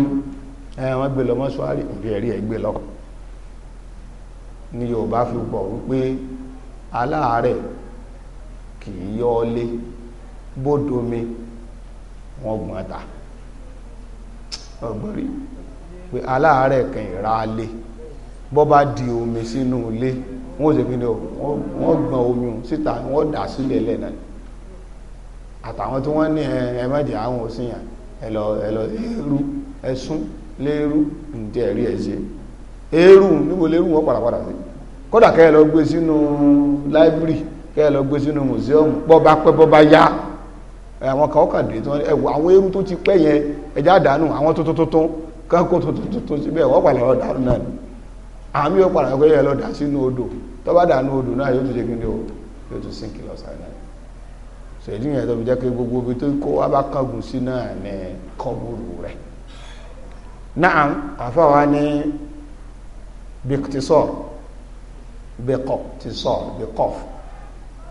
ẹ wọ́n gbé lọ mọ́ṣúárì ìbí ẹ̀rí ẹ̀ gbé lọ ni Yorùbá fi bọ̀ wípé aláàárẹ̀ kì í yọ ọ́ lé bódomi wọn gbọ́n ta ọgbọ̀n rí pé aláàrẹ kan ìra lé bọ́ bá di omi sínú ilé wọ́n wọ́n gbọ́n síta wọ́n dà sílẹ̀ lẹ́nà àtàwọn tí wọ́n ní ẹmẹ́jì àwọn òsìyàn ẹ̀lọ ẹ̀lọ eérú ẹ̀sún léérú ǹdí ẹ̀ṣẹ́ eérú níbo léérú wọ́n padàpadà sí kódà gbé sínú láìbírì àwọn kan ọkà dé tó ẹwọ àwọn eérú tó ti pẹ́ yẹn ẹja àdánù àwọn tó tó tó tó kán kó tó tó tó tó síbẹ̀ wọ́n padà lọ dànù náà ni àmì yóò padà pé yẹn lọ dà sínú odò tó bá dànù odò náà yóò tún ṣe kíndìn o yóò tún sìnkì lọ sáré náà sọ èdè yẹn tó fi jẹ́ pé gbogbo ibi tó kó wá bá kángun sí náà ní kọ́bùrù rẹ̀ náà àfáwa ní bíktísọ̀ bíkọ̀ tísọ̀ bíkọ̀fù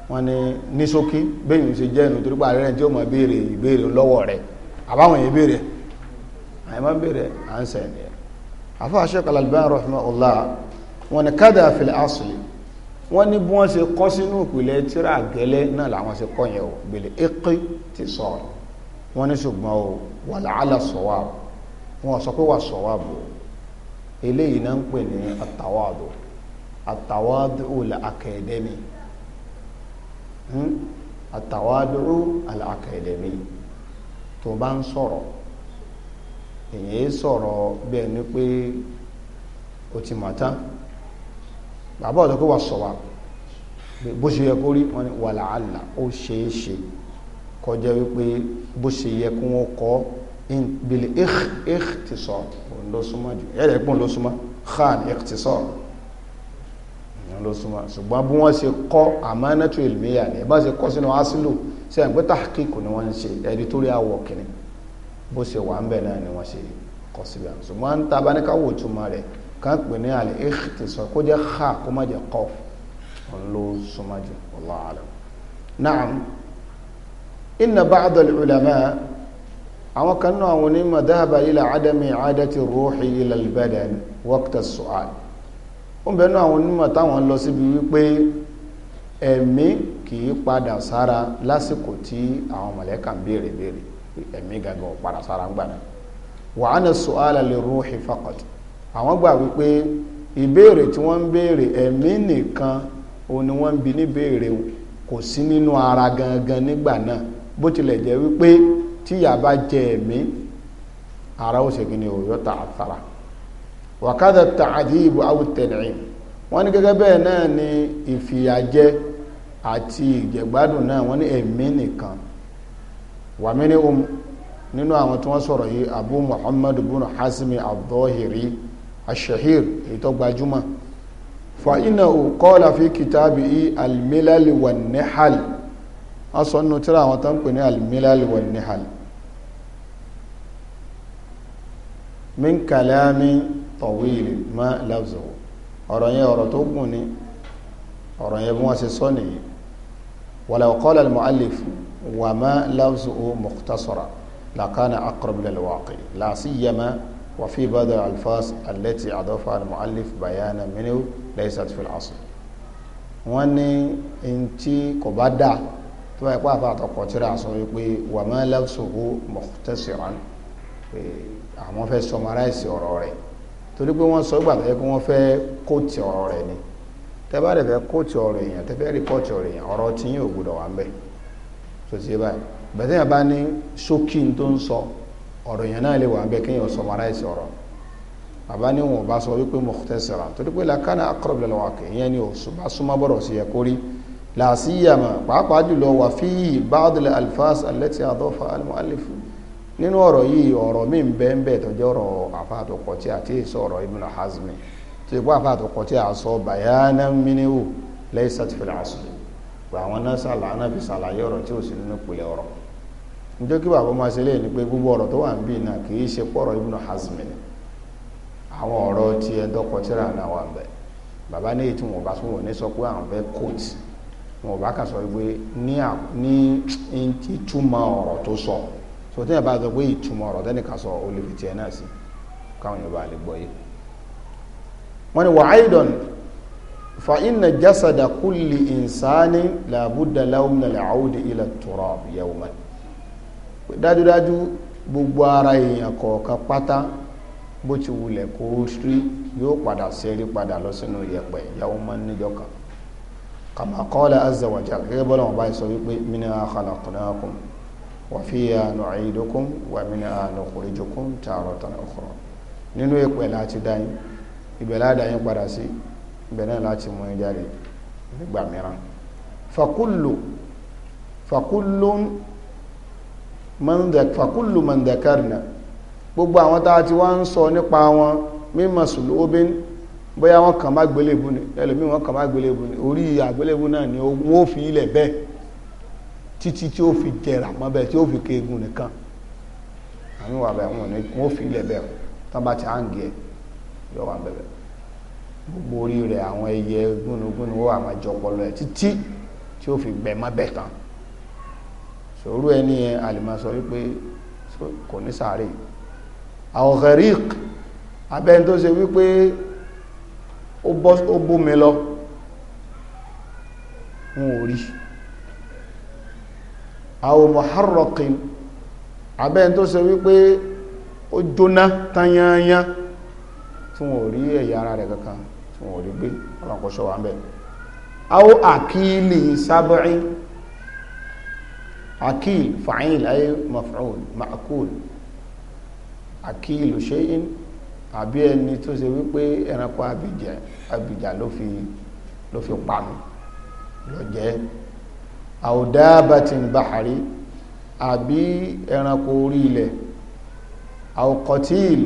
wọ́n ní ní ṣókí bẹ́yìn ṣe jẹ́ ìnù torípa rẹ̀ tí ó mọ̀ béèrè ìbéèrè lọ́wọ́ rẹ̀ àbáwọn èyí béèrè àìmọ́ béèrè à ń sẹ̀ ní ẹ̀ àfọ́ Sheikh Al-Albani rahimahullah wọ́n ní kádà fil asli wọ́n ní bí wọ́n ṣe kọ́ sínú ìpìlẹ̀ tíra gẹ́lẹ́ náà làwọn ṣe kọ́ yẹn o bèlè ékí ti sọ̀rọ̀ wọ́n ní ṣùgbọ́n o wà láàlà sọ̀wáàbù wọ́n sọ pé wà sọ̀wáàbù eléyìí náà ń pè ní àtàwádù àtàwádù ul akademi àtàwádúró hmm? àlàkàdẹ̀mí tó bá ń sọ̀rọ̀ èyí sọ̀rọ̀ bẹ́ẹ̀ ni pé o ti mọ̀ tán bàbá ọ̀dọ́ pé wà sọ̀wà bó ṣe yẹ kó rí wọn ni wà láàlà ó ṣeé ṣe kọjá wípé bó ṣe yẹ kí wọ́n kọ́ bìlì ikhtisar òun ló súnmọ́ jù ẹ̀rẹ̀ pọ̀ ló súnmọ́ khan ikhtisar ló súnmọ́ ṣùgbọ́n bí wọ́n ṣe kọ́ àmánátù ìlmíyà ni bá ṣe kọ́ sínú asílù sí àgbẹ́ tàkíkù ni wọ́n ń ṣe editorial work ni bó ṣe wà ń bẹ̀ náà ni wọ́n ṣe kọ́ síbẹ̀ ṣùgbọ́n ń ta abáníkáwò túmọ̀ rẹ̀ kàn pè ní àlẹ́ èkìtì sọ kó jẹ́ ha kó má jẹ́ kọ́ òun ló súnmọ́ jù wallahu àwọn kan náà àwọn onímọ̀ dhahaba ila adami 'adati ruhi ila al-badan waqta ó bẹ̀rẹ̀ náà àwọn onímọ̀ táwọn lọ síbi wípé ẹ̀mí kì í padà sára lásìkò tí àwọn mọ̀lẹ́kà ń béèrè béèrè ẹ̀mí gangan padà sára ń gbàdá wa ana su'ala liruhi faqat àwọn gbà wípé ìbéèrè tí wọ́n ń béèrè ẹ̀mí nìkan òun ni wọ́n ń bi ní béèrè kò sí nínú ara gangan nígbà náà bó tilẹ̀ jẹ́ wípé tíyà bá jẹ ẹ̀mí ara ó ṣe kí ni òyọ́ tààtàrà wàkádà tààdìbò àwùtẹ̀nìm wọ́n ní gẹ́gẹ́ bẹ́ẹ̀ náà ni ìfìyàjẹ àti ìjẹ̀gbádùn náà wọ́n ní ẹ̀mí nìkan wàmí ní um nínú àwọn tí wọ́n sọ̀rọ̀ yìí abu muhammad bin hasimi abdulhiri ashahir ètò gbajúmọ̀ fa iná ò kọ́ọ̀lá fi kìtàbí i almilali wa nihal wọ́n sọ nínú tíra àwọn tó ń pè ní almilali wa nihal min kalami tọ̀wéèlì má láwùzọ̀wọ̀ ọ̀rọ̀ yẹn ọ̀rọ̀ tó gùn ni ọ̀rọ̀ yẹn bí wọ́n ṣe sọ nìyí walaw qala al-mu'allif wa má láwùzọ̀wọ̀ mukhtasara lakana aqrab lil waqi la siyama wa fi ba'd al-alfaz allati adafa al-mu'allif bayana minhu laysat fi al wọ́n ní ntí kò bá dáa tó bá yẹ kó àfa àtọkọ tíra sọ wípé wà má lẹ́sọ̀kó mọ̀tẹ́sìrán pé àwọn fẹ́ sọmaráìsì ọ̀rọ̀ rẹ̀ torí pé wọ́n sọ gbà tó yẹ kí wọ́n fẹ́ kóòtì ọ̀rọ̀ rẹ̀ ni tẹ́ bá dẹ̀ fẹ́ kóòtì ọ̀rọ̀ èèyàn tẹ́ fẹ́ rìpọ́ọ̀tì ọ̀rọ̀ èèyàn ọ̀rọ̀ tí yín ò gbọ́dọ̀ wà ń bẹ̀ so ti yé báyìí bẹ̀tẹ̀ yẹn bá ní ṣókí tó ń sọ ọ̀rọ̀ èèyàn náà lè wà ń bẹ̀ kéèyàn summarize ọ̀rọ̀ bàbá ní wọn bá sọ wípé mukhtasaran torí pé làkàna aqrab lil waqi ìyẹn ni ò súnmọ́ bọ̀rọ̀ sí yẹ kórí làásìyàmà pàápàá jùlọ wà fíyì ba'd al alfas allati adafa al muallif nínú ọ̀rọ̀ yìí ọ̀rọ̀ mi ń bẹ ń bẹ tó ọ̀rọ̀ àfàtòkọ̀ tí àti èso ọ̀rọ̀ Ibn Hazmi tó tí a sọ bayana minihu laysat fil asl gba àwọn náà sàlà náà fi sàlàyé ọ̀rọ̀ tí ò sí nínú ìpìlẹ̀ ọ̀rọ̀ nítorí kí bàbá máa ṣe lé ní pé gbogbo ọ̀rọ̀ tó wà ń bì náà kì í ṣe pọ̀rọ̀ Ibn Hazmi ni àwọn ọ̀rọ̀ tí ẹ sọ so tẹ́yìn bá sọ pé ìtumọ̀ ọ̀rọ̀ tẹ́nìkan sọ ó lè fi tiẹ̀ náà sí káwọn yóò bá lè gbọ́ yé wọ́n ní wàáìdọ̀n fa inna jasada kulli insani labudda lahu min al ila turab yawman dájúdájú gbogbo ara èèyàn kọ̀ọ̀kan pátá bó ti wulẹ̀ kó rí yóò padà sẹ́rí padà lọ sínú yẹ̀pẹ̀ yawman níjọ́ kan kama qala azza gẹ́gẹ́ bọ́lá wọn báyìí sọ wípé minha khalaqnakum وفيها نعيدكم ومنها نخرجكم تارة أخرى nínú ìpẹ̀ láti dáyín ibẹ̀ ládáyín padà sí ibẹ̀ náà láti mú ìjáde nígbà mìíràn fàkúlù fàkúlù mandakarna gbogbo àwọn tàà tí wọ́n ń sọ nípa wọn mímọ̀ sùlóbín bóyá wọ́n kàn má gbélébù ni ẹlòmí wọ́n kàn má gbélébù ni orí àgbélébù náà ni wọ́n fi ilẹ̀ bẹ́ẹ̀ títí tí ó fi jẹrà mọ́bẹ̀ tí ó fi keegun nìkan àmì wà bẹ́ẹ̀ wọn ni wọ́n fi ilẹ̀ bẹ́ẹ̀ tán bá ti hàǹgì ẹ̀ yọ wà bẹ́ẹ̀ gbogbo orí rẹ̀ àwọn ẹyẹ gúnugúnu ó àmà jọ ọpọlọ ẹ̀ títí tí ó fi gbẹ mọ́bẹ̀ tán sòrú ẹni yẹn àlìmọ́ sọ wípé kò ní sàárè àwọn gẹ̀ríkì abẹ́ni tó ṣe wípé ó bọ́ ó bómi lọ wọn ò rí àwọn muharrakin abẹ́ tó se wípé ó jóná tanyanya tí wọ́n rí ẹ̀yà ara rẹ̀ kankan tí wọ́n rí gbé ọlọ́kọ̀ṣọ́ wà ń bẹ̀ àwọn àkílì sábẹ́rí àkíl ma'kul àkílù shay'in àbí ẹni tó wípé ẹranko abìjà ló fi pàmì lọ jẹ́ àwòdáàbàtìn bàhárí àbí ẹranko orí ilẹ̀ àwòkọtíìl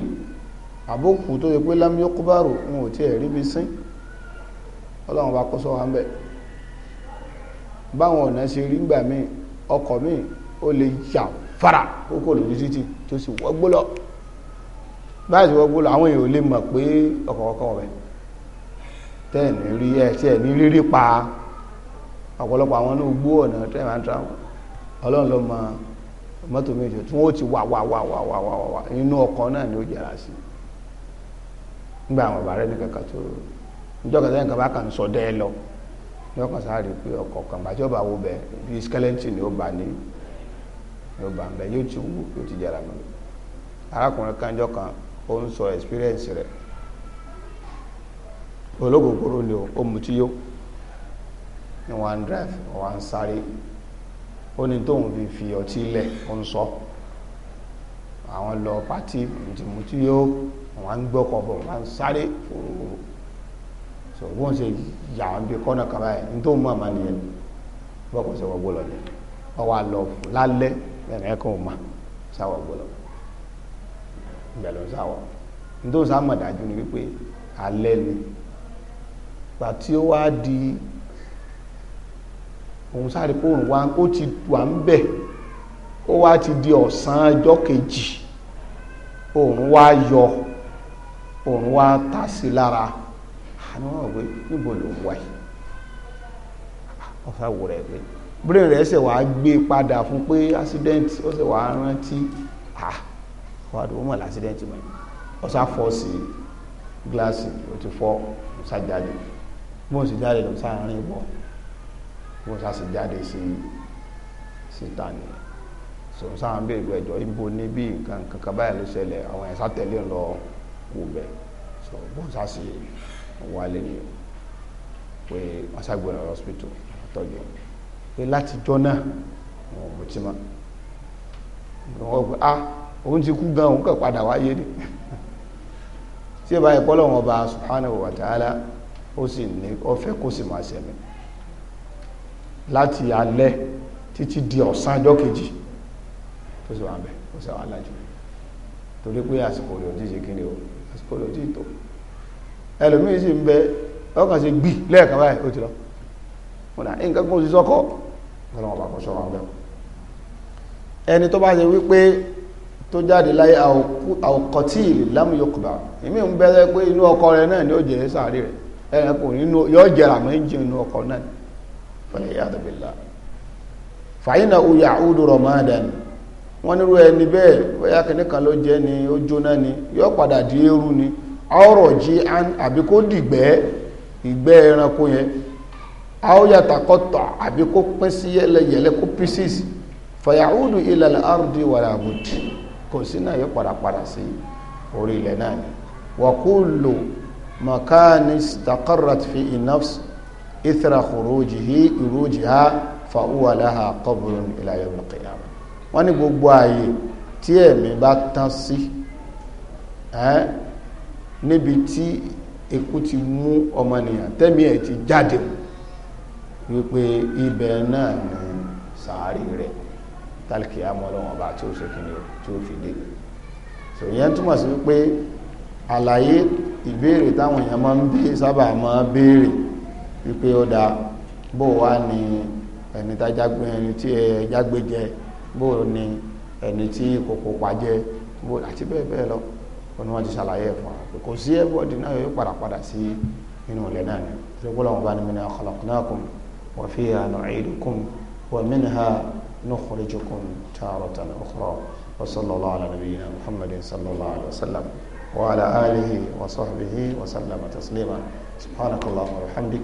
àbókù tó yẹ pé lámíọ́kúbárò wọn ò tí ẹ̀rí bí sín ọlọ́run bá kó sọ wá ń bẹ̀ báwọn ọ̀nà ṣe rí gbà míì ọkọ̀ míì ó lè yà fara kókò lójú títì tó sì wọ́gbó lọ báyìí wọ́gbó lọ àwọn èèyàn ò lè mọ̀ pé ọkọ̀ kọ̀ọ̀kan wọ̀bẹ̀ tẹ́ẹ̀ ní rí ẹ̀ tí ní rírí pa á ọ̀pọ̀lọpọ̀ àwọn ló gbó ọ̀nà train and travel tí wọ́n ti wà wà pé ọkọ̀ tí ó bá wo bẹ̀ bí ni ó bá ní ó bá ń yóò ti yóò ti mọ́ arákùnrin kan ó ń sọ experience rẹ̀ ológun kúrò ní one drive ọ̀wá sáré ó ní tóun fi fi ọtí lẹ̀ ó ń sọ àwọn lọ pàtí mùtìmùtì yóò ń gbọ́kọ̀ bọ̀ so ṣe yà bí kọ́nà kan báyìí nìyẹn ṣe wọ́n wá lọ lálẹ́ ẹ̀kọ́ mà òun sáré pé òun wá ó ti wà ń bẹ̀ ó wá ti di ọ̀sán ọjọ́ kejì òun wá yọ òun wá ta sí lára àwọn ọ̀gbẹ́ níbo ló ń wá yìí ọ̀sá wò rẹ̀ pé brain rẹ̀ ṣẹ̀ wá gbé padà fún pé accident ó ṣẹ̀ wá rántí ah wàá dùn ó mọ̀ l'accident mọ̀ ọ̀sá fọ́ sí gíláàsì ó ti fọ́ ọ̀sá jáde bóun sì jáde lọ́sà rìn bọ̀ bó sá sì jáde sí síta ni sọ̀rọ̀ sáà ń bèèrè ẹjọ́ ibo ní bí nǹkan kankan báyìí ló ṣẹlẹ̀ àwọn ẹ̀sà tẹ̀lé e lọ wò bẹ̀ sọ bó sá sì wálé ni pé wọ́n sá gbọ́dọ̀ e hospital tọ́jú pé látijọ́ náà wọn ò mutí mọ́ wọ́n pé ah òun ti kú gan òun kàn padà wáyé ni tí ẹ bá yẹ kọ́ lọ́wọ́n ọba subhanahu wa ta'ala ó sì ní ó fẹ́ kó sì máa ṣẹ̀mí láti alẹ́ títí di ọ̀sán ọjọ́ kejì tó sì wà bẹ́ẹ̀ ó sì wà lájú torí pé àsìkò o àsìkò rẹ̀ òjijì tó ẹlòmíì sì ń bẹ ọkàn sí gbì lẹ́ẹ̀kan báyìí ó ti lọ wọn dà nǹkan kó sì sọ́kọ́ ọlọ́wọ́n bá kọ́ sọ́rọ̀ ọ̀gbẹ́ ẹni tó bá ṣe wípé tó jáde láyé àwòkọ́tì lámúyọkùbà èmi ń bẹ́rẹ̀ pé inú ọkọ náà ni ó jẹ́ sáré kò falẹ̀yàdà bìlá fàyínà oyà àúdù ramadan wọ́n nírú ẹni bẹ́ẹ̀ bóyá kìíní kan ló jẹ́ ni ó jóná ni yóò padà di eérú ni ọrọ̀ jí àbí kó dìgbẹ́ ìgbẹ́ ẹranko yẹn àóyàtà kọ́tọ̀ àbí kó pín sí yẹlẹyẹlẹ kó pieces fàyàúdù ilẹ̀ àrùdí wàrà àbùdì kò sí náà yóò padà padà sí orí náà ni wàkúlò makani istaqarrat fi nafsi ithra khurujihi khurujiha fa huwa laha qabrun ila yawm al-qiyamah wọ́n ní gbogbo ààyè tí ẹ̀mí bá tán sí níbi tí ikú ti mú ọmọnìyàn tẹ́mi ẹ̀ ti jáde wípé ibẹ̀ náà ni sàárì rẹ̀ tálkì amọ́lọ́wọ́n bá tí ó ṣe kìíní tí ó fi dé ṣòyẹn túmọ̀ sí wípé àlàyé ìbéèrè táwọn èèyàn máa ń bí sábà máa béèrè wípé ó da bó wá ní ẹni tá jágbe ẹni tí ẹ jágbe jẹ bó ní ẹni tí kòkò pàjẹ bó àti bẹ́ẹ̀ bẹ́ẹ̀ lọ ó ní ti ṣàlàyé ẹ̀ fún wa kò sí ẹ̀bọ̀dì náà yóò padà padà sí inú ilẹ̀ náà ni ṣùgbọ́n wọn bá ní minha khalaqnakum wa fiha nu'idukum wa minha nukhrijukum taratan ukhra wa sallallahu ala nabiyyina muhammadin sallallahu alaihi wa sallam وعلى آله وصحبه وسلم تسليما سبحانك اللهم وبحمدك